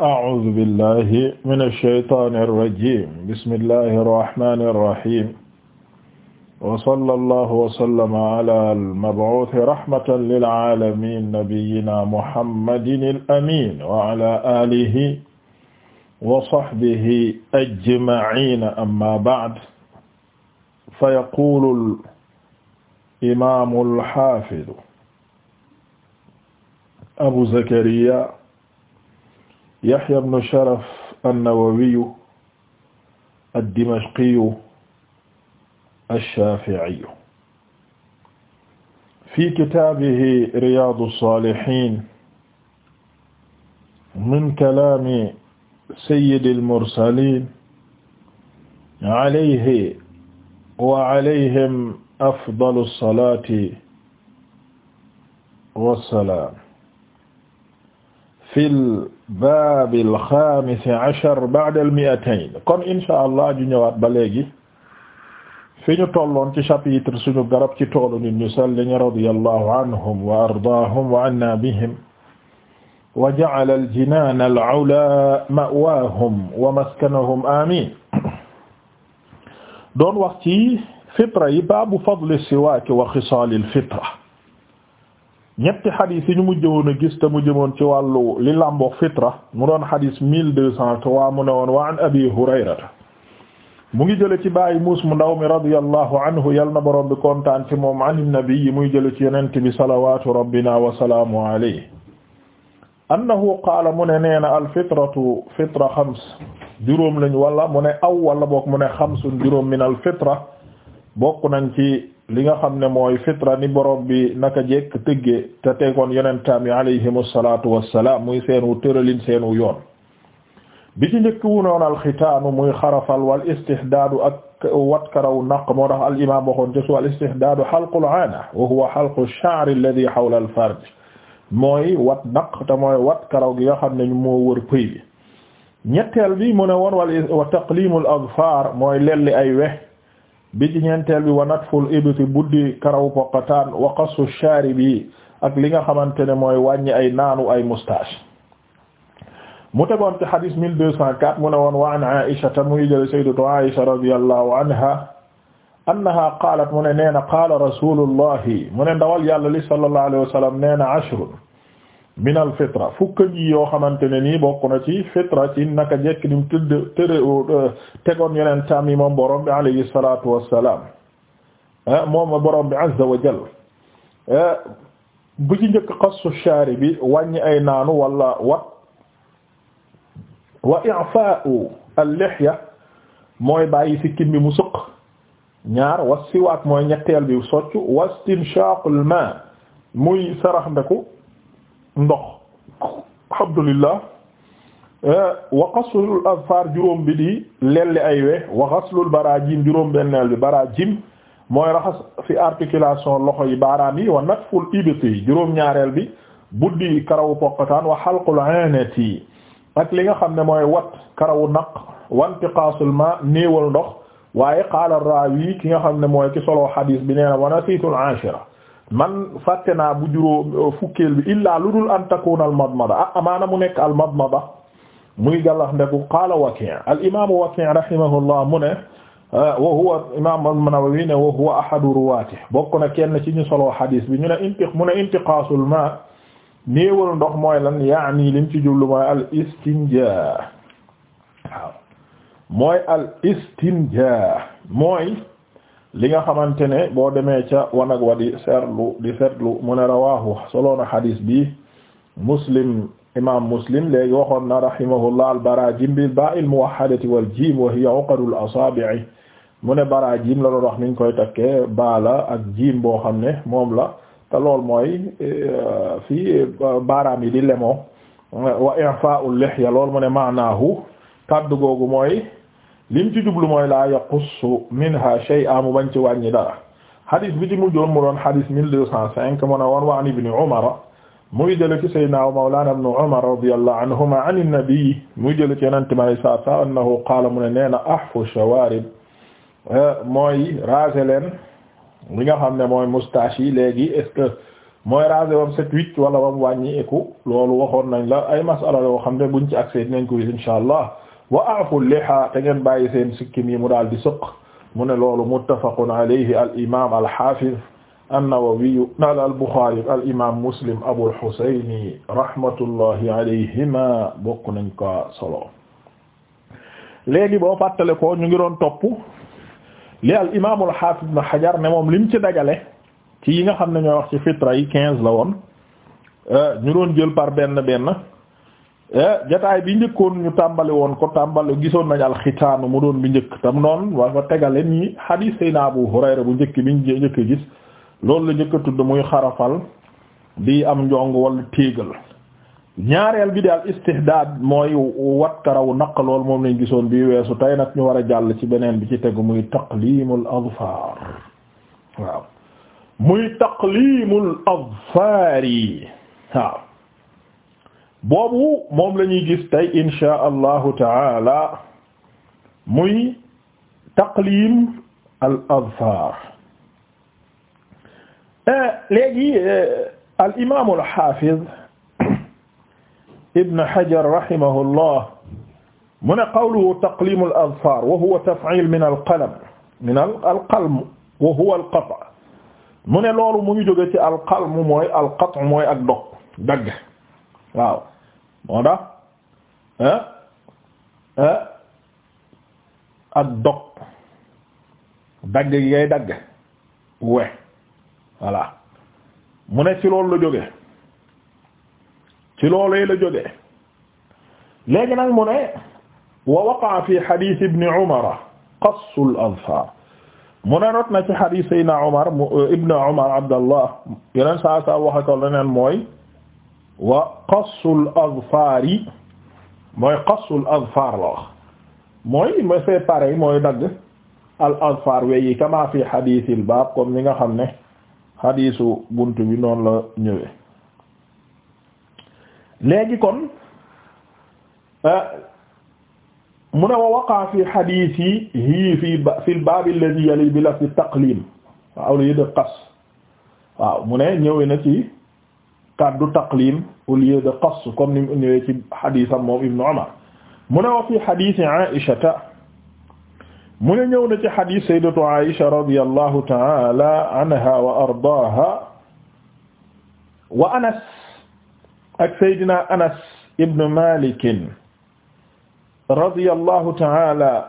أعوذ بالله من الشيطان الرجيم بسم الله الرحمن الرحيم وصلى الله وسلم على المبعوث رحمة للعالمين نبينا محمد الأمين وعلى آله وصحبه أجمعين أما بعد فيقول الإمام الحافظ أبو زكريا Yahya ibn Sharaf an-Nawawiyu ad-Dimashqiyu ash-Shafi'iyu fi kitaabihi Riyaadu s-Saalihiin min kalaami sayyidil mursaliin alayhi wa alayhim afdalu s-salaati wa s-salaam fil baabil xaamis ashar ba'dal mi'atayn kon incha allah ju ñëwaat ba léegi fi ñu tolloon ci chapitre suñu garab ci toolu nit ñu sell ñi radiyallahu anhum wa ardaahum wa anna bihim wa ja'ala al-jinaana al-'ulaa ma'waahum wa maskanahum amiin doon wax ci fitra yi baabu fadli siwaak wa xisaal al-fitra ñetti xadis yi ñu mujj woon a gis te mu jëmoon ci wàllu li làmboo fitra mu doon xadis mil deux cent trois mu ne woon wa an abi hurayrata mu ngi jële ci bàyyi muus mu ndaw mi radiyallahu anhu yal na borom bi kontaan ci moom an nabi mu muy jële ci yonent bi salawatu rabbina wa salaamu alayhi annahu qaala mu ne nee na alfitratu fitra xams juróom lañ wala mu ne aw wala boog mu ne xamsun juróom min alfitra bokk nañ ci li nga xam ne mooy fitra ni borom bi naka jekk tëggee te tegoon yonentaam yi alayhimu salaatu wassalaam muy seenu tëralin seenu yoon bi ci njëkk wu noon alxitaanu muy xarafal wal istihdaadu wat karaw naq moo tax al imaam waxoon ca su al istihdaadu xalqul aana wa huwa xalqu sha'r alladhi xawla al farj mooy wat naq te mooy wat karaw gi nga xam ne ñu moo wër pëy bi ñetteel bi mu ne woon wal wa taqliimul azfaar mooy lelli ay wex bi ci ñeenteel bi wa natful ibti buddi karaw poqataan wa qasu sharibi ak li nga xamante ne mooy wàññi ay naanu ay moustache mu tegoon ci hadis mil deux cent quatre mu ne wa an Aisha ta muy jële sayyidatu Aisha radiyallahu anha annaha qaalat mu ne nee na qaala rasulullahi mu ne ndawal yàlla li sallallahu alayhi wa sallam nee na ashrun minal fitra fukk yoo xamante ne nii bokk na ci fitra ci naka jekk ni mu tëdd tëre euh, tegoon yeneen taam yi moom borom bi alayhi salaatu wassalaam eh, bi azza wa jal eh, bu ci njëkk xassu shaari bi wàññi ay wat wa i'faa'u al-lihya mooy bàyyi sikkim bi mu suq ñaar wa siwaak mooy ñetteel bi soccu wa istinshaqul ma muy sarax ndeku ndox alhamdulillah eh, wa qaslul azfar juróom bi di lelli ay we wa qaslul barajim juróom benneel bi barajim mooy raxas fi articulation loxo yi baaraam yi wa natful ibti juróom ñaareel bi buddi karawu pokataan wa xalqul anati ak li nga xam ne mooy wat karawu naq wa intiqaasul ma néewal ndox yi qaala raawi ki nga xam ne mooy ki solo xadiis bi nee na wa nasiitul man fàtte naa bu juróom euh, fukkeel bi illaa lu dul an takuna al madmada ah amaana mu nekk al madmada muy gàllax ndeku qaala Waki' al imaamu Waki' rahimahullah mu ne euh, wa huwa imaam an-Nawawi ne wa huwa ahadu ruwaatihi bokk na kenn ci ñu solo xadis bi ñu ne intiq mu ne intiqaasul ma néewal ndox mooy lan yaani lim ci jublu mooy al istinjaa waaw mooy al istinjaa mooy. li nga xamante ne boo demee ca wanag wa di seetlu di seetlu mu ne rawahu na xadis bi muslim imam muslim léegi waxoon na rahimahullah albarajim bi ba il muwahhadati wal jim wa hiya uqadul asabi'i mu ne barajim la doon wax niñ koy takkee baala ak jim boo xam ne moom la te lool mooy e, fi e, baaraam yi di lemoo wa i'fa'ul lihya lool mu ne maanaahu kaddu googu mooy lim ci jublu mooy laa yaqussu minha shay'a mu bañ ci wàññi dara hadis bi ci mujjoon mu doon mu ne woon wa an ibni umara muy jële ci sayyidina mawlana ibnu umar radiyallahu anhuma an nabi muy jële ci yenente mi alay saatu salam annahu mu ne nee na ahfu shawarib eh, mooy raser leen li nga xam ne mooy moustache yi léegi est-ce que mooy raser wala bam wàññi eku loolu waxoon nañ la ay masala yoo xam ne buñ ci accès dinañ ko gis allah wa aafu liha te ngeen bàyyi seen sikkim mu daal di sëq mu ne loolu muttafaqun alayhi al imam al hafiz an-Nawawi nal al Bukhari al Muslim Abul Husayn rahmatullahi alayhima bokk nañ ko solo léegi boo fàttale ko ñu ngi doon topp li al imam al hafiz ibn Hajar ne moom lim ci dajale ci yi nga xam ne ñooy wax ci fitra yi quinze la euh, ñu doon jël par benn benn Eh, jataay bi njëkkoon ñu tàmbali woon ko tàmbali gisoon nañ alxitaanu mu doon bi njëkk tam noonu waa fa tegale nii xadiis sayna Abu Hurayra bu njëkk bi njëkk gis loolu la njëkk a tudd muy xarafal bi am njong wala téegal ñaareel bi daal istihdaad mooy wat karaw naq lool moom lañ gisoon bi weesu tey nag ñu war a jàll ci beneen bi ci tegu muy taqlimul azfar waaw muy taqlimul azfar yi waaw boobu moom la ñuy gis tey inshaa allahu taala muy taqlim al azfar eh, léegi eh, al imaamu al xaafiz ibn hajar rahimahullah mu ne qawluhu taqlim al azfar wa huwa taf'il min al qalam min al qalm wa huwa al qat' mu ne loolu mu ngi jóge ci al qalm mooy al qat' mooy ak dog dagg waaw moo tax ah ah ak dog dagg gi ngay dagg we voilà mu ne ci loolu la jóge ci loolee la jóge léegi nag mu ne wa waqaa fi hadith ibn umar qassul azfar mu ne rot na ci hadith sayyidina umar ibn umar abdallah yeneen saa saa waxe ko leneen mooy wa qassul azfaar yi mooy qassul azfaar la wax mooy ma c'est pareil mooy dagg al azfaar weyi kama fi xadiisil baab comme ni nga xam ne xadiisu bunt bi noonu la ñëwee léegi kon euh, mu ne wa waqaa fi xadiis yi hii fi fi baab alladhi yali bi la fi taqlim waaw la yi def qas waaw mu ne ñëwee na ci kàddu taqlim au lieu de qass comme ni mu ñëwee ci xadiisam moom Ibn Umar mu ne wa fi xadiisi Aïshata mu ne ñëw na ci xadiis sayyidatu Aïsha radiyallahu ta'ala anha wa ardaaha wa Anas ak sayyidina Anas ibn Malik radiyallahu ta'ala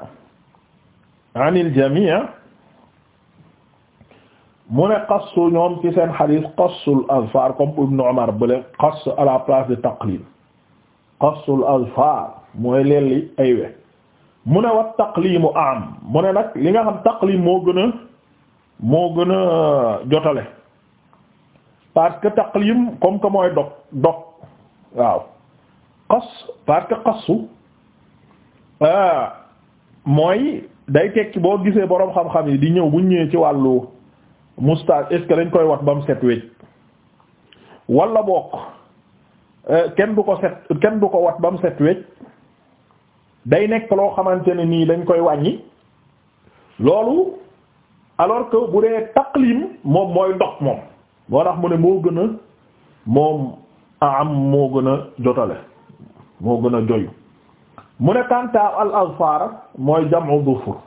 anil jamii' mu ne qassu ñoom ci seen xadis qassul azfar comme Ibn Umar bële qass à la place de taqlim qassul azfar mooy lelli ay we mu ne wat taqlimu am mu ne nag li nga xam taqlim moo gën a moo gën a jotale parce que taqlim comme que mooy dog dog waaw qas parce que qassu euh, mooy day tekki boo gisee boroom xam-xam yi di ñëw bu ñëwee ci wàllu moustache est-ce que dañ koy wat ba mu set wecc wala boog euh, kenn du ko set kenn du ko wat ba mu set wecc day nekk loo xamante ne nii dañ koy wàññi loolu alors que bu dee taqlim moom mooy ndox moom moo tax mu ne moo gën a moom am moo gën a jotale moo gën a joyu mu ne kantaab al azfar mooy jam'u zufur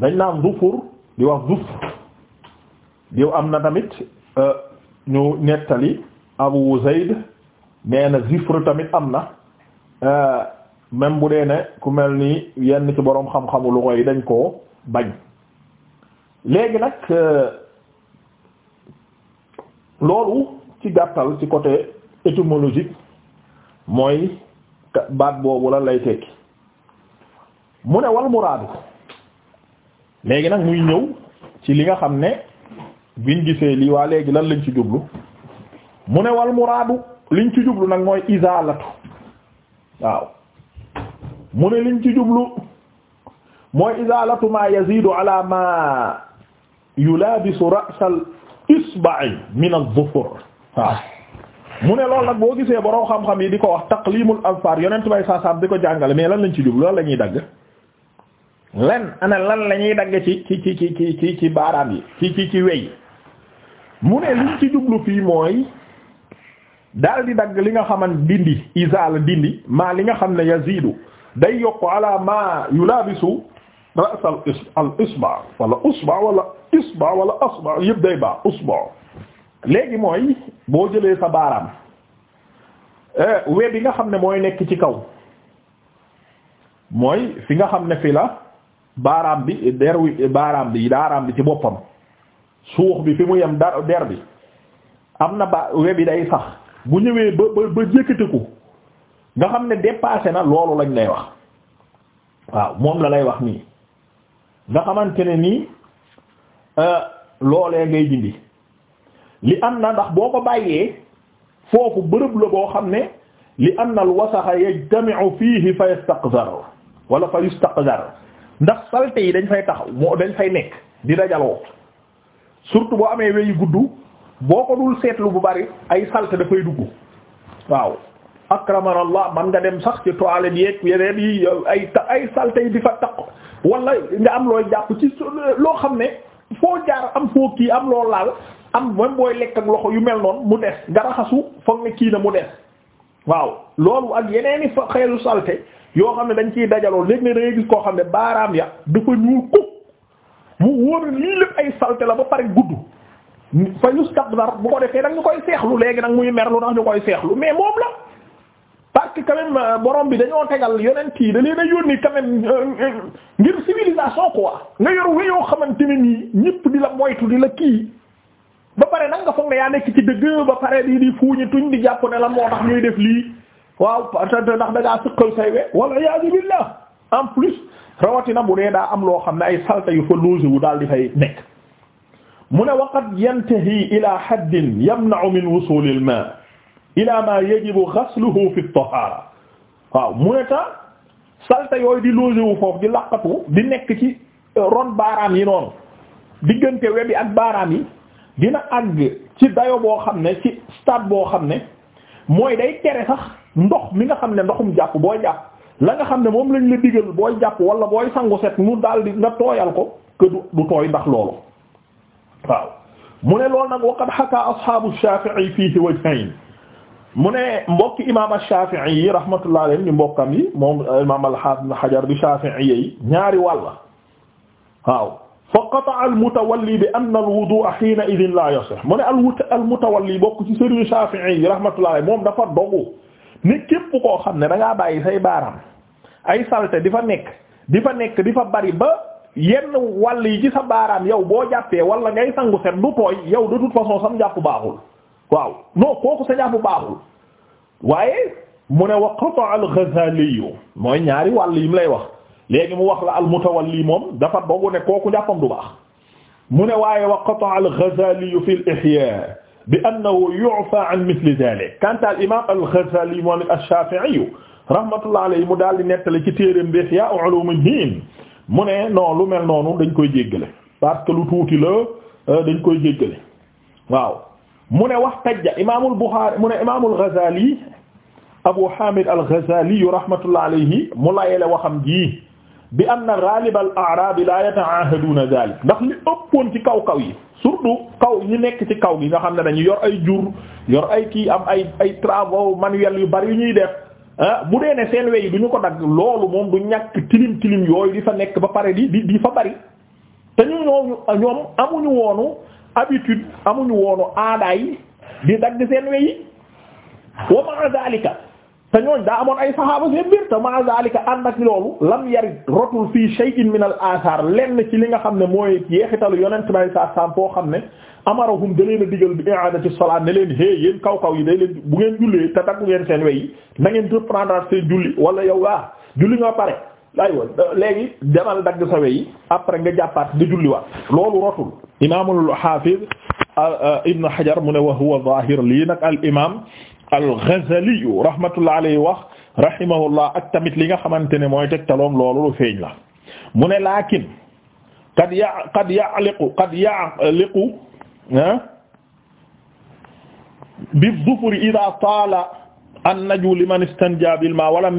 dañ naan zufur di wax zufur diw am na tamit euh, ñu nettali Abu Zayd nee na Zifr tamit am na euh, même bu dee ne ku mel ni yenn ci boroom xam-xamu lu koy dañ koo bañ léegi nag euh, loolu ci gàttal ci côté étymologique mooy baat boobu la lay tekki mu ne wal muraadu léegi nag muy ñëw ci li nga xam ne biñ gisee lii waa léegi lan lañu ci jublu mu ne wal muraadu liñ ci jublu nag mooy izaalatu waaw mu ne liñ ci jublu mooy izaalatu ma yazidu ala ma yulaabisu ra'sal isba'i min az-zufur waaw mu ne loolu nag boo gisee borom xam-xam yi di ko wax taqlimul anfar yonent bay saasaam di ko jàngale mais lan lañ ci jublu lan la ñuy dagg lan ana lan la ñuy dagg ci ci ci ci ci ci baaraam yi ci ci ci wey mu ne liñ ci jublu fii mooy daal di dagg li nga xaman dindi isaal dindi maa li nga xam ne yazidu day yokk ala ma yulaabisu ra's al is wala usba wala isba wala asba yëpp day baax usba léegi mooy boo jëlee sa baaraam eh, we bi nga xam ne mooy nekk ci kaw mooy fi nga xam ne fi la baaraam bi der wi baaraam bi daaraam bi ci boppam suux bi fi mu yem dar der bi am na ba we bi day sax bu ñëwee ba ba ba jëkkatiku nga xam ne dépassé na loolu lañ lay wax waaw moom la lay wax nii nga xamante ne nii euh, loolee ngay dindi li am na ndax boo ko bàyyee foofu bërëb la boo xam ne li anna al wasaxa yajtami'u fiihi fa yastaqzar wala fa yustaqzar ndax salte yi dañ fay taxaw moo dañ fay nekk di dajaloo surtout boo amee we weyu gudd boo ko dul seetlu bu bari ay salte dafay dugg waaw akramanallah man nga dem sax ci toilette yeeg yeneen yi ay ay salte yi di fa taq wala nga am looy jàpp ci loo xam ne foo jaar am foo kii am loo laal am même booy lekk ak loxo yu mel noonu mu des nga raxasu foog ne kii na mu des waaw loolu ak yeneeni fa xeelu salte yoo xam ne dañ ciy dajaloo léegi ne da gis koo xam ne baaraam ya dafa ñuul kuk mu wóor lii lépp ay salte la ba pare gudd fa yustakbar bu ko defee nag ñu koy seexlu léegi nag muy mer lu tax ñu koy seexlu mais moom la parce que quand même euh, borom bi dañoo tegal yonent kii da leen a yónni quand même euh, euh, ngir civilisation quoi nga yor we yoo xamante ne nii ñëpp di la moytu di la kii ba pare nag nga foog ne yaa nekk ci dëgg ba pare di di fuuñi tuñ di jàpp ne lan moo tax ñuy def lii waaw parce que ndax da ngaa sëqal say we wala iyaazu billah en plus rawatina bu dee daa am loo xam ne ay salte yu fa loose wu daal di fay nekk mu ne waqad yantahi ila haddin yamna'u min wusul al ma ila ma yajibu ghasluhu fi at-tahara mu ne ta salte yooyu di loose wu foofu di laqatu di nekk ci euh, ron baaraam yi noonu diggante bi ak baaraam yi dina àgg ci dayo boo xam ne ci stade boo xam ne mooy day tere sax ndox mi nga xam ne ndoxum jàpp boo jàpp la nga xam ne moom lañ la digal booy jàpp wala booy sangu set mu daldi nga tooyal ko que du du tooy ndax loolu waaw mu ne loolu nag waqad xaka ashabu Shafi'i fiihi wajhayn mu ne mbokki imam Shafi'i yi rahmatullah alayhi ñu mbokkam yi moom imam al-Hafiz Hajar bi Shafi'i yi ñaari wàlla waaw fa qata'a al-mutawalli bi anna al-wudu'a hiina idhin la yasih mu ne al-mutawalli bokk ci sëriñ Shafi'i yi rahmatullah alayhi moom dafa dogu nit képp koo xam ne da bàyyi say baaraam ay salte di fa nekk di fa nekk di fa bari ba yenn wàll yi ci sa baaraam yow boo jàppee wala ngay sangu set du tooy yow de toute façon sam jàpp baaxul waaw non kooku sa jàpp baaxul waaye mu ne wax qata al-Ghazali mooy ñaari wàll yi mu lay wax léegi mu wax la al-Mutawalli moom dafa dogu ne kooku jàppam du baax mu ne waaye wax qata al-Ghazali fi al-Ihya bi annahu yu'fa an mithli dhalik kanta al imam al-Ghazali moom ash-Shafi'i rahmatullah alayhi mu daal di nettali ci téereem bi Ihya Ulumuddin mu ne non lu mel noonu dañ koy jéggale parce que lu tuuti la euh, dañ koy jéggale waaw mu ne wax tajja imaamul Buxaari mu ne imaamul Ghazali Abu Hamid al-Ghazali rahmatullah alayhi mu layele waxam ji bi anna ghaliba al a'rab la yata'ahaduna dhalik ndax li ëppoon ci kaw kaw yi surtout kaw ñu nekk ci kaw gi nga xam ne dañu yor ay jur yor ay kii am ay ay travaux manuels yu bari yu ñuy def ah mu dee ne seen wey du ñu ko dagg loolu moom du ñàkk tilim tilim yooyu di fa nekk ba pare di di di fa bari te ñu ñoom ñoom amuñu woonu habitude amuñu woonu aadaay di dagg seen wey wa ma'a dhalika te ñooñ daa amoon ay saxaaba seen biir te ma zalika ànd ak loolu lam yarit rotul fii shay'in min al lenn ci li nga xam ne mooy yeexitalu yonent bay sa sam foo xam ne amarahum da leen a digal bi i'adati salat ne leen hé yéen kaw yi day leen bu ngeen jullee te daggu ngeen seen weyi na ngeen reprendre seen julli wala yow ah julli nga pare aywa léegi demal dagg sa weyi après nga jàppaat nga julli waat loolu rotul imaamul hafiz ah, ah, ibn hajar mu ne wa huwa zahir lii nag al al-Ghazali rahmatullah alayhi wax rahimahullah ak tamit li nga xamante ne mooy tegtaloom loolu lu feeñ la mu ne laakin qad ya qad ya'liqu qad ya'liqu bi dhufri idha tala an-najwu liman istanja bil ma wa lam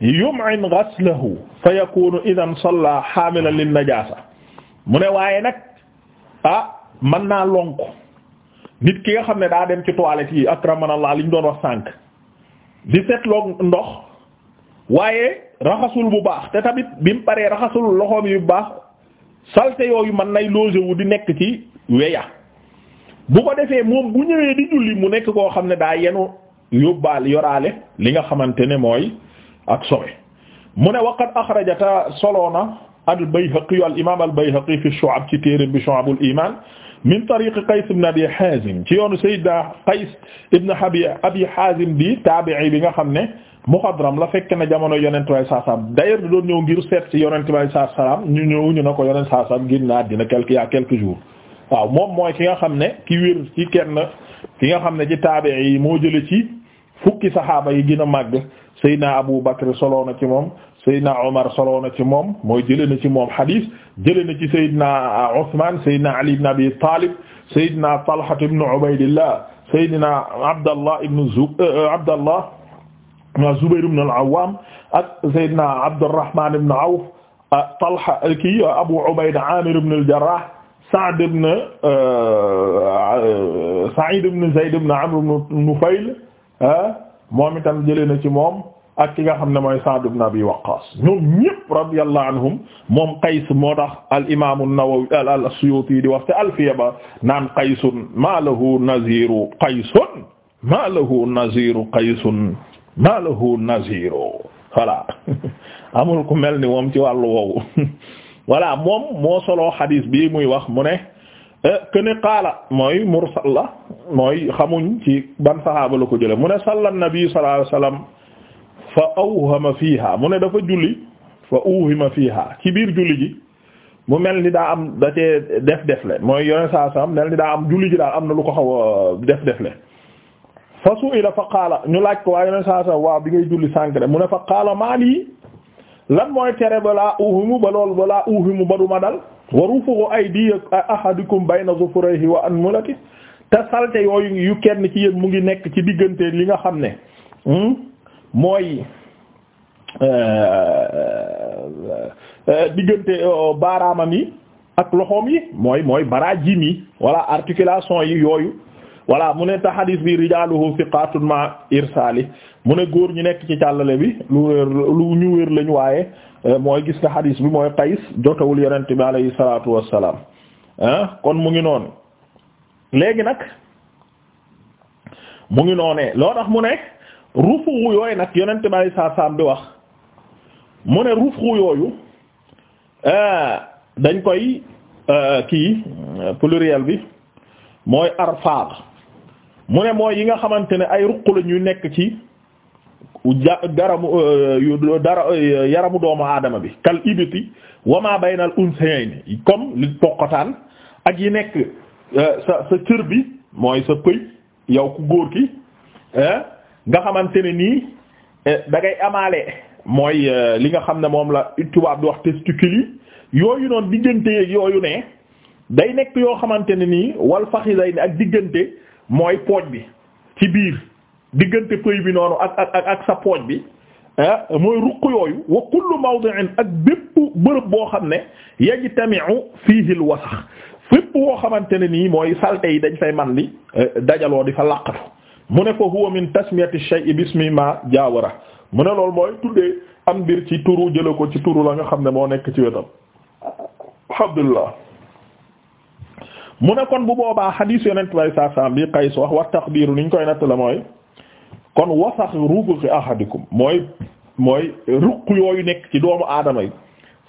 yum'in ghaslahu fa yakunu idhan salla hamilan lin najasa mu ne waaye nag ah mën naa lonku nit ki nga xam ne daa dem ci toilette yi akramanallah li ñu doon wax sànq di setloog ndox waaye raxasul bu baax te tamit bi mu paree raxasul loxoom yu baax salte yooyu man nay loge wu di nekk ci weya bu ko defee moom bu ñëwee di julli mu nekk koo xam ne daa yenu yóbbaal yoraale li nga xamante ne mooy ak sobe mu ne waqad axrajata soloona al bayhaqi al imaam al bayhaqi fi shu'ab ci téere bi shu'abul iman min tariq Qays ibn Abi Hazim ci yoonu Sayyidina Qays ibn Abi Abi Hazim bi taabi'i bi nga xam ne muxadram la fekk na jamono yonent bay saa saam d'ailleurs doon ñëw ngir seet ci yonent bay saa salaam ñu ñëw ñu ne ko yonent saa saam ngir naa dina quelques yaa quelques jours waaw moom mooy ki nga xam ne ki wér ci kenn ki nga xam ne ci taabi'i yi moo jële ci fukki saxaaba yi gën a màgg Sayyidina Abu Bakr solo na ci moom Seydina Omar solo na ci moom mooy jëlee na ci moom hadith jëlee na ci Seydina Ousmane Seydina Ali ibn Abi Talib Seydina Talha ibn Ubaydillah Seydina Abdallah ibn Zu euh, Abdallah Zubayr ibn al-Awwam ak Seydina Abdurrahman ibn Awf Talha kii Abu Ubayda Amir ibn al-Jarrah Sa'd ibn euh, Sa'id ibn Zayd ibn Amr ibn Nufayl ah, moom itam jëlee na ci moom. ak ki nga xam ne mooy Sa'd ibn Abi Waqqas ñoom ñëpp radiyallahu anhum moom Qays moo tax al imaamu al-Suyuti di wax te alfiya ba naan Qaysun ma lahu naziru Qaysun ma lahu naziru Qaysun ma lahu naziru voilà amul ku mel ni moom ci wàllu woowu voilà moom moo soloo bi muy wax mu ne kene eh, qaala mooy mursal la mooy xamuñ ci ban saxaaba la ko jële mu ne salla nabi sallallahu alayhi wasallam fa awhama fiiha mu ne dafa julli fa awhama fiiha ci biir julli ji mu mel ni daa am da cee def defle mooy yoneen saa sam mel ni daa am julli ji daal am na lu ko xaw a def defle fa su'ila fa qaala ñu laaj ko waa yoneen saa bi ngay julli sànq mu ne fa qaala maa lan mooy tere balaa uhimu ba lool balaa uhimu ba duma dal warufuqu aydi ahadikum bayna zufurayhi wa anmulati te salte yooyu yu kenn ci yéen mu ngi nekk ci diggante li nga xam ne hmm, Euh, euh, diggante euh, baaraamam yi ak loxoom yi mooy mooy baraajim yi walla articulation yi yooyu voilà mu ne ta hadis bi rijaluhu thiqatun ma irsali mu ne góor ñu nekk ci càllale bi lu lu ñu wér lañ waaye mooy gis nga hadis bi mooy Qays jotawul yonent bi alayhi salatu wassalam kon mu ngi noonu léegi nag mu ngi noonee loo tax mu ne rufu yooyu nag yonent bi alayhi salaam bi wax mu ne ruuf yooyu euh, dañ koy euh, kii euh, pluriel bi mooy arfaad mu ne mooy yi nga xamante ne ay ruq la ñu nekk ci garamu dara yaramu doomu aadama bi kal ibiti wama baynal unsayn comme li toqataan ak yi nekk sa sa cër bi mooy sa pëy yow ku góor ki nga xamante ne nii da ngay amaale mooy euh, li nga xam ne moom la tubaab di wax testicules yi yooyu noonu diggante yooyu ne day nekk yoo xamante ne nii wal faxidayni ak diggante mooy pooj bi ci biir diggante pëy bi noonu ak ak ak sa pooj bi ah mooy ruq yooyu wa kullu mawdi'in ak bépp bërëb boo xam ne yajtami'u fiihi al-wasax fépp woo xamante ne nii mooy salte yi dañ fay man di eh, dajaloo di fa laqatu mu ne fa huwa min tasmiyati shay'i bismi ma jaawara mu ne loolu mooy tuddee am mbir ci turu jële ko ci turu la nga xam ne moo nekk ci wetam alhamdulillah mu ne kon bu boobaa xadiis yonent bay saasam bi Qays wax wa taqdiiru niñ koy natt la mooy kon wasax ruuguxi ahadikum mooy mooy ruq yooyu nekk ci doomu aadama yi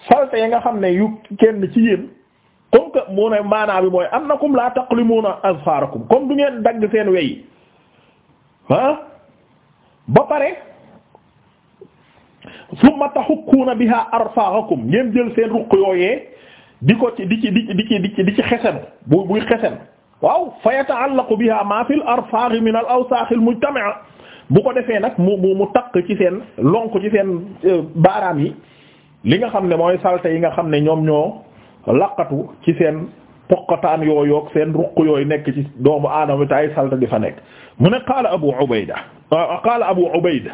salte yi nga xam ne yu kenn ci yéen comme que mu ne maanaa bi mooy annakum la taqlimuuna azfaarakum comme du ngeen dagg seen wey ah ba pare summa tahukkuuna biha arfaakum ngeen jël seen ruq yooyee di ko ci di ci di ci di ci di ci xesen bu buy xesen waaw fa yata'allaqu biha ma fil arfaaghi min al awsaax al mujtami'a bu ko defee nag mu mu mu takk ci seen lonk ci seen euh, baaraam yi li nga xam ne mooy salte yi nga xam ne ñoom ñoo laqatu ci seen poqataan yooyu ak seen ruq yooyu nekk ci doomu aadama te ay salte di fa nekk mu ne qaala abu ubayda euh, qaala abu ubayda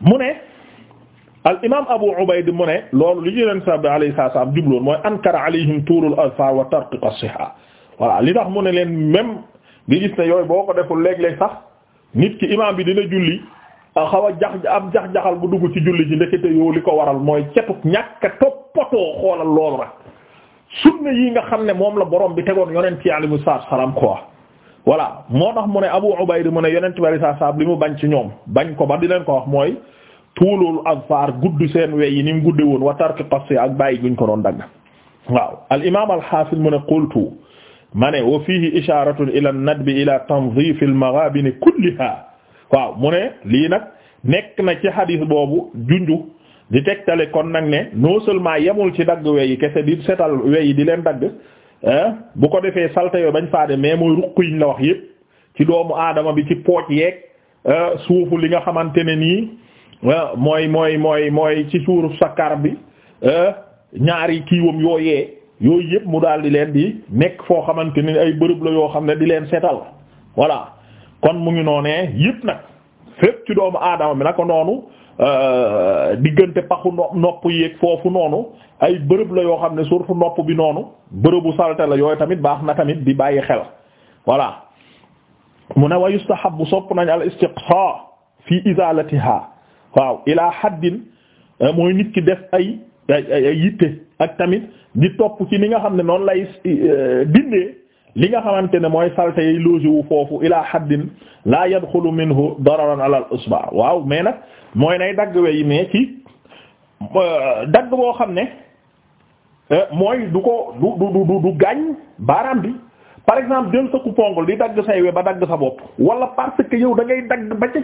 mu ne al imaam Abu Ubayd mu ne loolu li ñu leen sàbbi alayhi salaam jubloon mooy ankara alayhim tuurul azfar wa tarqiq as a voilà li tax mu ne leen même di gis ne yooyu boo ko deful léeg-léeg sax nit ki imaam bi dina julli xaw a jax am jax jaxal bu dugg ci julli ji ndekete yoo li ko waral mooy cetuk ñàkk a toppatoo xoolal loolu rek sunna yi nga xam ne moom la borom bi tegoon yonent ci alayhi salaam quoi. voilà moo tax mu ne Abu Ubayd mu ne yonent bi alayhi salaam li mu bañ ci ñoom bañ ko ba di leen ko wax mooy. tuulul azfar gudd seen wey yi ni mu gudde woon wa tarki qas ak bàyyi guñ ko doon dagg waaw al imam al hafiz mu ne qultu ma ne wa fihi isharatun ila an-nadb ila tanzif al-maghabin kulliha waaw mu ne lii nag nekk na ci hadith boobu junju di tegtale kon nag ne non seulement yemul ci dagg wey yi kese di setal wey yi di leen dagg eh, bu ko defee salta yooyu bañ faade mais mooy ruq la wax yépp ci doomu aadama bi ci pooj yeeg eh, suufu li nga xamante ne nii Euh, mooy mooy mooy mooy ci suuru sakkaar bi euh, ñaari kiiwam yooyee yooyu yëpp mu daal leen di nekk foo xamante ni ay bërëb la yoo xam ne di leen seetal voilà kon mu ngi noonee yëpp nag fépp ci doomu aadama bi naka noonu euh, diggante paxu nopp yeeg foofu noonu ay bërëb la yoo xam ne surtout nopp bi noonu bërëbu salte la yooyu tamit baax na tamit di bàyyi xel voilà mu ne wa yustahabbu sopp nañ al istiqsa fi izalatiha waaw ilaa haddin eh, mooy nit ki def ay ay yitte ak tamit di topp ci li nga xam ne noonu lay eh, dindee li nga xamante ne mooy salte yi loge wu foofu ilaa haddin laa yadxulu minhu dararan ala usba waaw mais nag mooy nay dagg we yi mais ci eh, dagg boo xam ne mooy du ko du du du du gaañ baaraam bi par exemple jël sa coupongle di dagg say we ba dagg sa bopp wala parce que yow da ngay dagg ba ca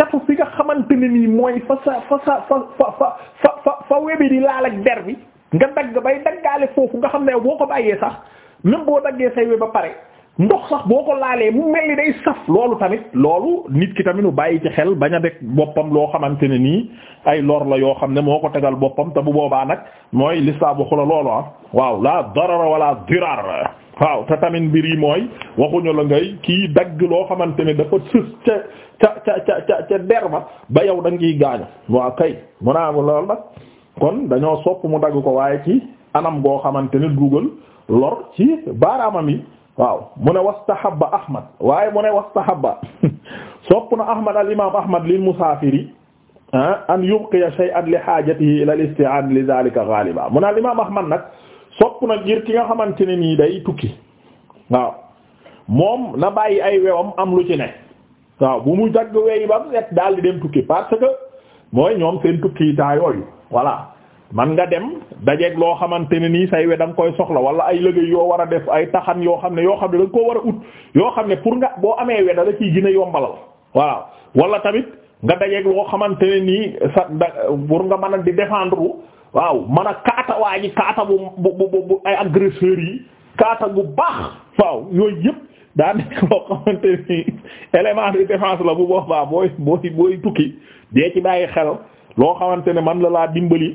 catu fi nga xamante ne nii mooy fa sa fa sa fa fa fa fa fa webi di laal ak der bi nga dagg bay daggaale foofu nga xam ne boo ko bàyyee sax même boo daggee ba pare ndox sax boo ko laalee mu mel ni loolu tamit loolu nit ki tamit mu bàyyi ci xel bañ a deg boppam loo xamante ne nii ay lor la yoo xam ne moo ko tegal boppam te bu boobaa nag mooy lislaam waxu la loolu ah waaw la darara wala dirar waaw te tamit mbir yi mooy waxuñu la ngay kii dagg loo xamante ne dafa sës ca ca ca ca ca ba ba yow da ngiy gaañu waaw kay mu naa lool nag kon dañoo sopp mu dagg ko waaye ci anam goo xamante ne dugal lor ci baaraamam yi waaw mu ne wastahabba ahmad waaye mu ne wastahabba sopp na ahmad al imam ahmad lil musaafiri ah, an yubqiya shay'an li haajatihi ila al isti'aan li dhalika ghaliba mu ne al imam ahmad nag sopp nag ngir ki nga xamante ne nii day tukki waaw moom na bàyyi ay wewam am lu ci ne waaw bu mu jagg weyi ba mu set daal di dem tukki parce que mooy ñoom seen tukki taa yooyu voilà man nga dem dajeeg loo xamante ne nii say we koy soxla wala ay liggéey yoo war a def ay taxan yoo xam ne yoo xam ne da koo war a ut yoo xam ne pour nga boo amee we la ciy gën a yombalal waaw wala tamit nga dajeeg loo xamante ne nii sa da pour nga mën a di défendre waaw man a kaata waa ji kaata bu bu bu bu ay agresseurs yi kaata bu baax waaw yooyu yëpp daa nekk loo xamante ni élément de défense la bu boobaa booy booy booy tukki dee ci bàyyi xel loo xamante ne man la laa dimbali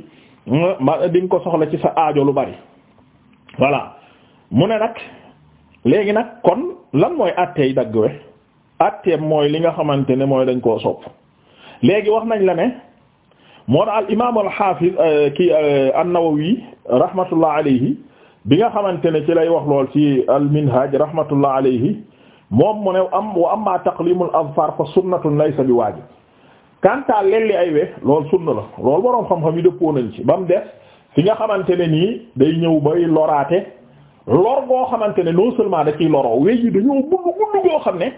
ma di nga ko soxla ci sa aajo lu bari voilà mu ne nag léegi nag kon lan mooy àtteey dagg we àtteem mooy li nga xamante ne mooy dañ koo sopp léegi wax nañ la ne moo tax al imaam al xaafiz euh, ki euh, an-Nawawi alayhi bi nga xamante ne ci lay wax lool ci al minhaj rahmatullah alayhi moom mu ne am wa amma taqlimul azfar fa sunnatun laysa bi waajib kanta lelli ay we loolu sunna la loolu yi dëppoo nañ ci ba mu des fi nga xamante ne nii day ñëw bay loraate lor goo xamante ne non seulement da ciy loroo wey yi dañoo gudd gudd goo xam ne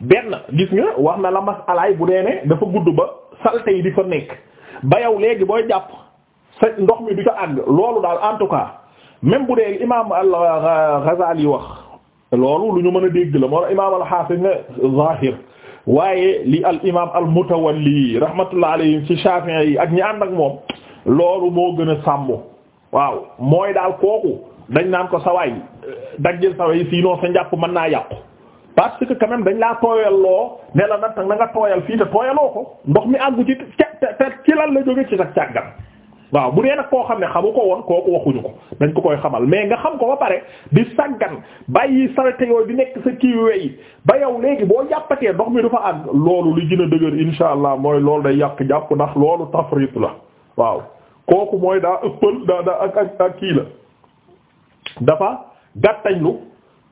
benn gis nga wax na la mas alaay bu dee ne dafa gudd ba salte yi di fa nekk ba yow léegi booy jàpp sa ndox mi du ca àgg loolu daal en tout cas même bu dee imaam al-Ghazali wax loolu lu ñu mën a dégg la moo tax imaam al-Hafiz ne zahir waaye li al imaam al-Mutawalli rahmatullah alayhi ci Shafi'i yi ak ñi ànd ak moom loolu moo gën a sàmm waaw mooy daal kooku dañ naan ko sawaay dajjel sawaay sinon sa njàpp mën naa yàqu parce que quand dañ laa tooyal loo ne la nag na nga tooyal fii te tooyaloo ko ndox mi àggu ci ca ci lan la jóge ci sax càggan waaw bu dee nag koo xam ne xamu ko woon kooku waxuñu ko dañ ko koy xamal mais nga xam ko ba pare di saggan bàyyi salte yooyu di nekk sa kii wey ba yow léegi boo jàppatee ndox mi du fa àgg loolu li gën a dëgër insha allah mooy loolu day yàq jàpp ndax loolu tafrit la waaw kooku mooy daa ëppal daa daa ak ak kii la dafa gàttañlu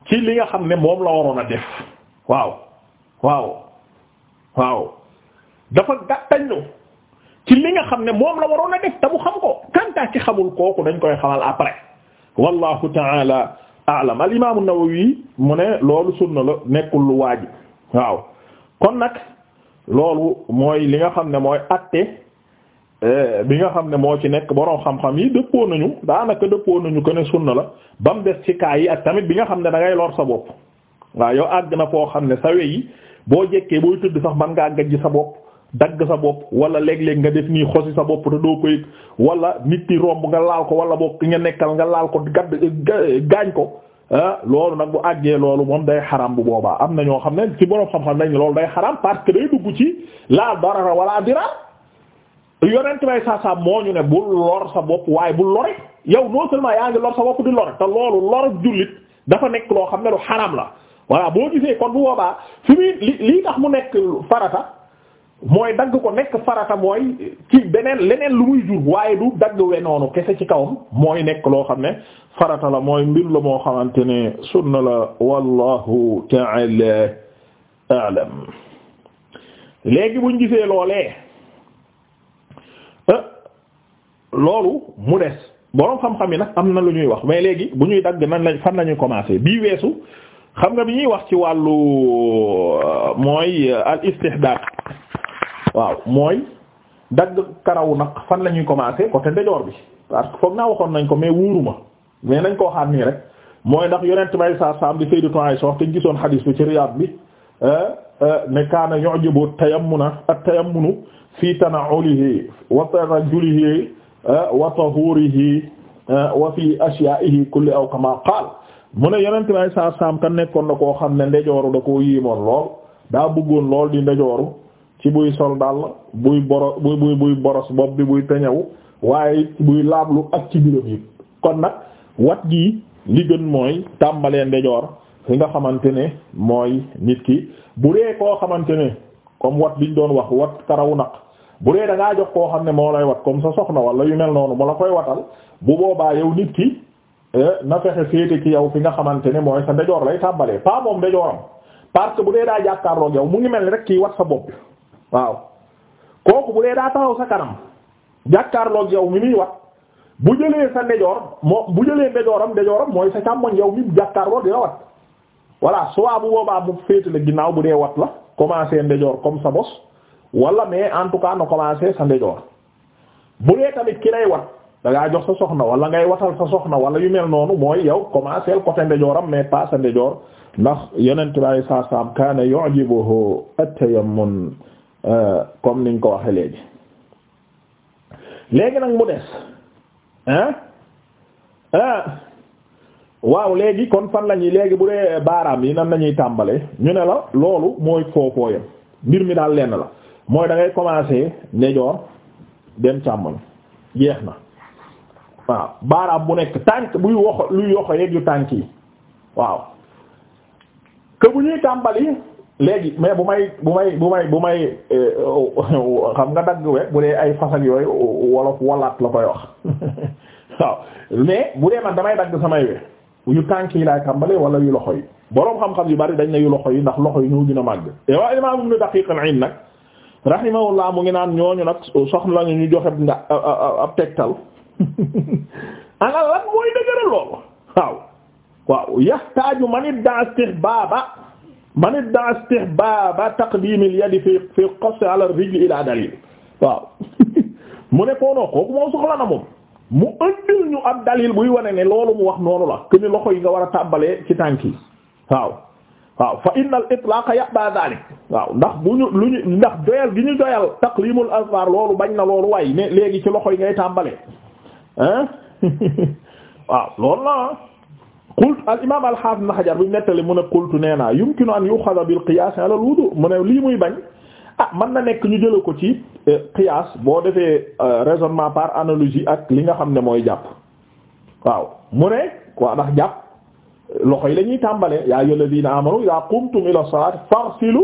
ci li nga xam ne moom la waroon a def waaw waaw waaw dafa gàttañlu ci li nga xam ne moom la waroon a def te xam ko kantaa xamul kooku dañ koy xamal après wallahu ta'ala a'lam al imam an-Nawawi mu ne loolu sunna la nekkul lu waajib waaw kon nag loolu mooy li nga xam ne mooy àtte Eh, bi nga xam ne moo ci nekk boroom xam-xam yi dëppoo nañu daanaka dëppoo nañu ko ne sunna la ba mu des ci kaa yi ak tamit bi nga xam ne da ngay lor sa bopp waa yow àgg na foo xam ne sa we yi boo jekkee booy tëdd sax mën ngaa gajj sa bopp dagg sa bopp wala léeg-léeg nga def nii xosi sa bopp te doo ko yëg wala nit ki romb nga laal ko wala boog ki nga nekkal nga laal ko gadd gaañ ko ah loolu nag bu àggee loolu moom day xaram bu boobaa am na ñoo xam ne ci boroom xam-xam dañ loolu xaram parce que day dugg ci la darara wala dirar yonent bay saa saa moo ñu ne bu lor sa bopp waaye bu lore yow non seulement yaa ngi lor sa bopp di lore te loolu lor jullit dafa nekk loo xam ne lu xaram la voilà boo gisee kon bu boobaa fi muy li lii tax mu nekk farata mooy dagg ko nekk farata mooy ci beneen leneen lu muy jur waaye du dagg we noonu kese ci kawam mooy nekk loo xam ne farata la mooy mbir la moo xamante ne sunna la wallahu ta'ala a'lam léegi buñ gisee loolee Euh, loolu mu des boroom xam-xam yi nag am na lu ñuy wax mais léegi bu ñuy dagg nan lañ fan lañuy commencer bii weesu xam nga bi ñuy wax ci wàllu euh, mooy euh, al istihdaad waaw mooy dagg karaw nag fan la ñuy commencer côté ndejoor bi parce que foog naa waxoon nañ ko mais wuuruma mais nañ koo xaar nii rek mooy ndax yonent may sa sam di Sayyidatu Aisha wax te gisoon xadiis bi ci Riyaad bi ne kaana yu'jibu a at-tayammunu fi tana'ulihi wa tarajulihi wa tahurihi wa fi ashyaa'ihi kulli aw kama qaal mu ne yonent bi alayhi salaatu salaam nekkoon na koo xam ne ndejooru da koo yéemoon lool daa bëggoon lool di ndejooru ci buy sol daal buy boros buy buy buy bopp bi buy peñewu waaye buy laablu ak ci biram yi kon nag wat gi li gën mooy tàmbalee ndejoor fi nga xamante ne mooy nit ki bu dee koo xamante ne comme wat biñ doon wax wat karawu naq bu dee da ngaa jox koo xam ne moo lay wat comme sa soxna wala yu mel noonu mu la koy watal bu boobaa yow nit ki eh, na fexe féete ci yow fi nga xamante ne mooy sa ndejoor lay tàmbalee pas moom ndejooram parce que bu dee daa jàkkaarloog yow mu ngi mel ni rek kii wat sa bopp waaw kooku bu dee daa taxaw sa kanam jàkkaarloog yow mi muy wat bu jëlee sa ndejoor moom bu jëlee ndejooram ndejooram mooy sa càmmoñ yow mi jàkkaarloog di la wat voilà soit bu boobaa mu féete bu dee wat la. commencé ndejoor comme sa bos wala mais en tout commencé na commencer sa ndejoor bu dee tamit ki lay wat da ngaa jox sa soxna wala ngay watal sa soxna wala yu mel noonu mooy yow commencer côté ndejooram mais pas sa ndejoor ndax yonent bi saa saam kaana yu'jibuhu at-tayammun comme niñ ko waxe léegi léegi nag mu des hein hein ah, waaw léegi kon fan la ñuy léegi bu dee baaraam yi nan la ñuy tàmbalee ñu ne la loolu mooy foofoo mbir mi daal lenn la mooy dangay ngay commencer nejoor dem càmmoñ jeex na waaw baaraam bu nekk tànk buy wax luy yoxo yeeg yu tànk yi waaw que bu ñuy tàmbali léegi mais bu may bu may bu may bu may euh, xam nga dagg we bu dee ay fasak yooyu wolof walaat la koy wax waaw mais bu dee man damay dagg samay we yu tànk yi laay tàmbalee wala yu loxo yi boroom xam-xam yu bari dañ ne yu loxo yi ndax loxo yi ñoo gën a màgg waaye imam Ibn Daqiq al-Ayn nag rahimahullah mu ngi naan ñooñu nag soxla ñu ñu joxe nga ab tegtal ana lan mooy dëgëral loolu waaw waaw yaxtaaju man idda'a istihbaaba man idda'a istihbaaba taqdiim al fi fi al-qasr ala ar-rijl ila dalil waaw mu ne koonoo kooku moom soxla na moom mu ëndil ñu ab dalil buy wane ne loolu mu wax noonu la que loxo yi nga war a tàmbalee ci tànk yi waaw waaw fa inna al itlaqa ya'ba dalik waaw ndax bu ñu lu ñu ndax doyal gi ñu doyal taqlimul azfar loolu bañ na loolu waay ne léegi ci loxo yi ngay tàmbalee ah waaw loolu la ah. qult al imam al hafiz ibn hajar bu nettali mu ne qultu nee naa yumkinu an yuxada bil qiyas ala al wudu mu ne lii muy bañ ah man na nekk ñu jëla ko ci euh, qiyaas boo defee euh, raisonnement par analogie ak li nga xam ne mooy jàpp waaw mu ne quoi ndax jàpp loxo yi la ñuy tàmbalee yaa ayyuhal ladina amanu yaa qumtum ila salaati farsilu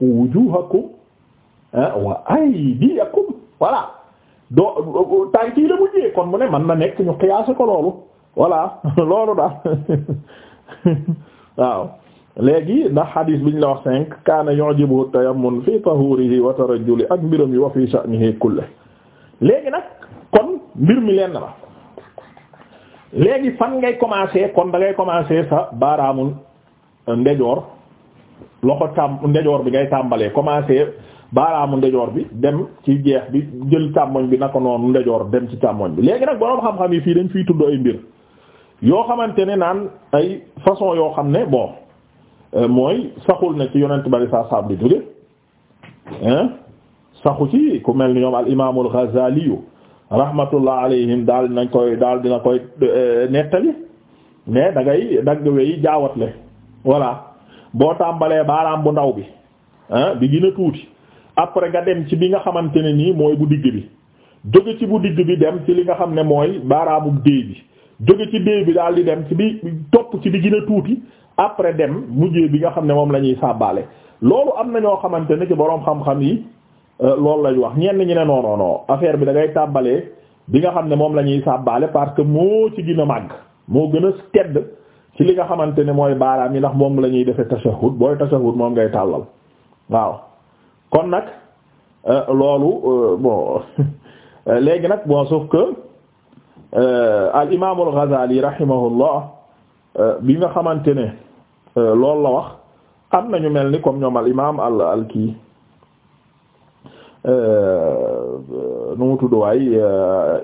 wujuhakum ah, wa aydiyakum voilà doo tànk yi la mujjee kon mu ne mën na nekk ñu qiyaas ko loolu voilà loolu daal waaw léegi ndax bi ñu la wax cinq kaana yujibu tayammun fi tahurihi wa tarajjuli ak mbiram yi wa fi sha'nihi kulli léegi nag kon mbir mi leen la léegi fan ngay commencer kon dangay ngay commencer sa baaraamu ndejoor loxo tàm ndejoor bi ngay tàmbalee commencer baaraamu ndejoor bi dem ci jeex bi jël càmmoñ bi naka noonu ndejoor dem ci càmmoñ bi léegi nag boroom xam-xam yi fii dañ fiy tudd ay mbir yoo xamante ne naan ay façon yoo xam ne bon Euh, mooy saxul ne ci yonent bari saa saab li jóge saxu ci ku mel ni ñoom al imaamul Ghazali rahmatullah alayhim daal nañ koy daal dina koy euh, nettali mais dangay ngay dagg weyi jaawatle voilà boo tàmbalee baaraam bu ndaw bi bi gën a tuuti après nga dem ci bi nga xamante ne nii mooy bu digg bi jóge ci bu digg bi dem ci li nga xam ne mooy baaraamu déy bi jóge ci bee bi daal di dem ci bi topp ci bi gina tuuti après dem mujjee bi nga xam ne moom la ñuy sàbbaale loolu am na ñoo xamante ne ci boroom xam-xam yi euh, loolu lañ wax ñenn ñi ne non non affaire bi da ngay tàmbalee bi nga xam ne moom la ñuy sàbbaale parce que moo ci gën a màgg moo gën a tedd ci li nga xamante ne mooy baaraam yi ndax moom la ñuy defee tashahhud booy tashahhud moom ngay tàllal waaw kon nag euh, loolu euh, bon léegi nag bon sauf que. Euh, al imaam al Ghazali rahimahullah euh, bi nga xamante ne euh, loolu la wax am na ñu mel ni comme ñoom al imaam al al kii nu mu tudd waay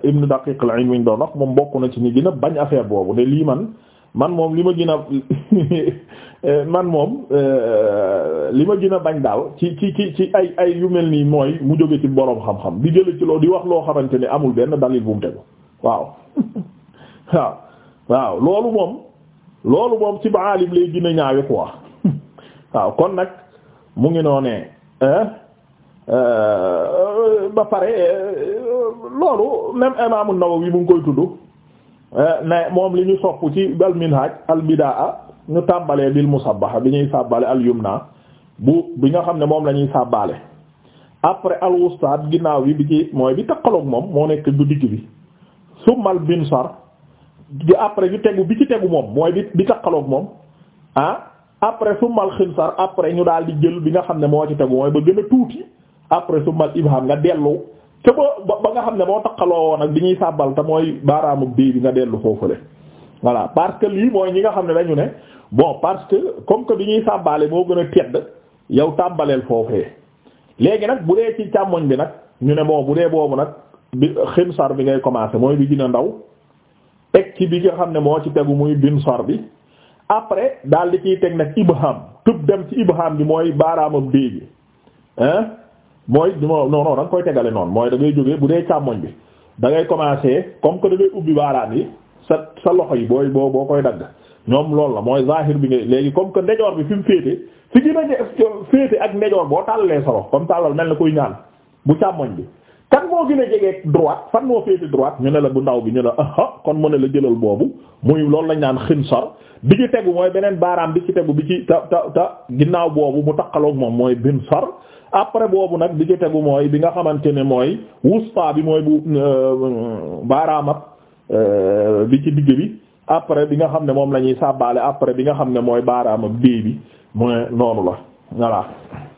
Ibn Daqiq al Ayn wiñ doon wax moom bokk na ci ñi gën bañ affaire boobu ne lii man man moom li ma gën a man moom li ma gën a bañ daal ci ci ci ci ay ay yu mel nii mooy mu jóge ci boroom xam-xam di jële ci loolu di wax loo xamante ne amul benn dalil bu mu tegu. waaw waaw waaw loolu moom loolu moom ci baalim lay gën a ñaawe quoi waaw kon nag mu ngi noonee euh, ba pare euh, loolu même imaamu Nawawi mu ngi koy tudd ne moom li ñu sopp ci al minhaj al bidaa ñu tàmbalee bil musabbaha bi ñuy sàbbale al yumna bu bi nga xam ne moom la ñuy sàbbale après al wusta ginnaaw bi bi ci mooy bi takkaloog moom moo nekk bu digg bi summal binsar di après ñu tegu bi ci tegu moom mooy bi bi takkaloog moom ah après summal xinsar après ñu daal di jël bi nga xam ne moo ci tegu mooy ba gën a tuuti après summal ibham nga dellu te ba ba nga xam ne moo takkaloo woon ak bi ñuy sàbbal te mooy baaraamu bii bi nga dellu foofule voilà parce que lii mooy ñi nga xam ne dañu ne bon parce que comme que bi ñuy sàbbaale boo gën a tedd yow tàmbaleel foofee léegi nag bu dee ci càmmoñ bi nag ñu ne bon bu dee boobu nag bi xinsar bi ngay commencer mooy bi gën ndaw teg ci bi nga xam ne moo ci tegu muy binsar bi après daal di ciy teg nag ibham tub dem ci ibham bi mooy baaraamam dée bi mooy non non da koy tegale noonu mooy da ngay jógee bu dee càmmoñ bi da ngay commencer comme que da ngay ubbi baaraam yi sa sa loxo yi booy boo boo koy dagg ñoom loolu la mooy zahir bi nga léegi comme que ndejoor bi fi mu féete fi gën a féete ak ndejoor boo tàllalee sa loxo comme tàllal mel na kuy ñaan bu bi kan moo gën a jege droite fan moo féete droite ñu ne la bu ndaw bi ñu ne aha ah kon mu ne la jëlal boobu muy loolu lañ naan xinsar bi ci tegu mooy beneen baaraam bi ci tegu bi ci ta ta ta ginnaaw boobu mu takkaloog moom mooy binsar après boobu nag bi ci tegu mooy bi nga xamante ne mooy wusta bi mooy bu euh, baaraamab euh, bi ci digg bi après bi nga xam ne moom la ñuy sàbbaale après bi nga xam ne mooy baaraamab déy bi mu ne noonu la voilà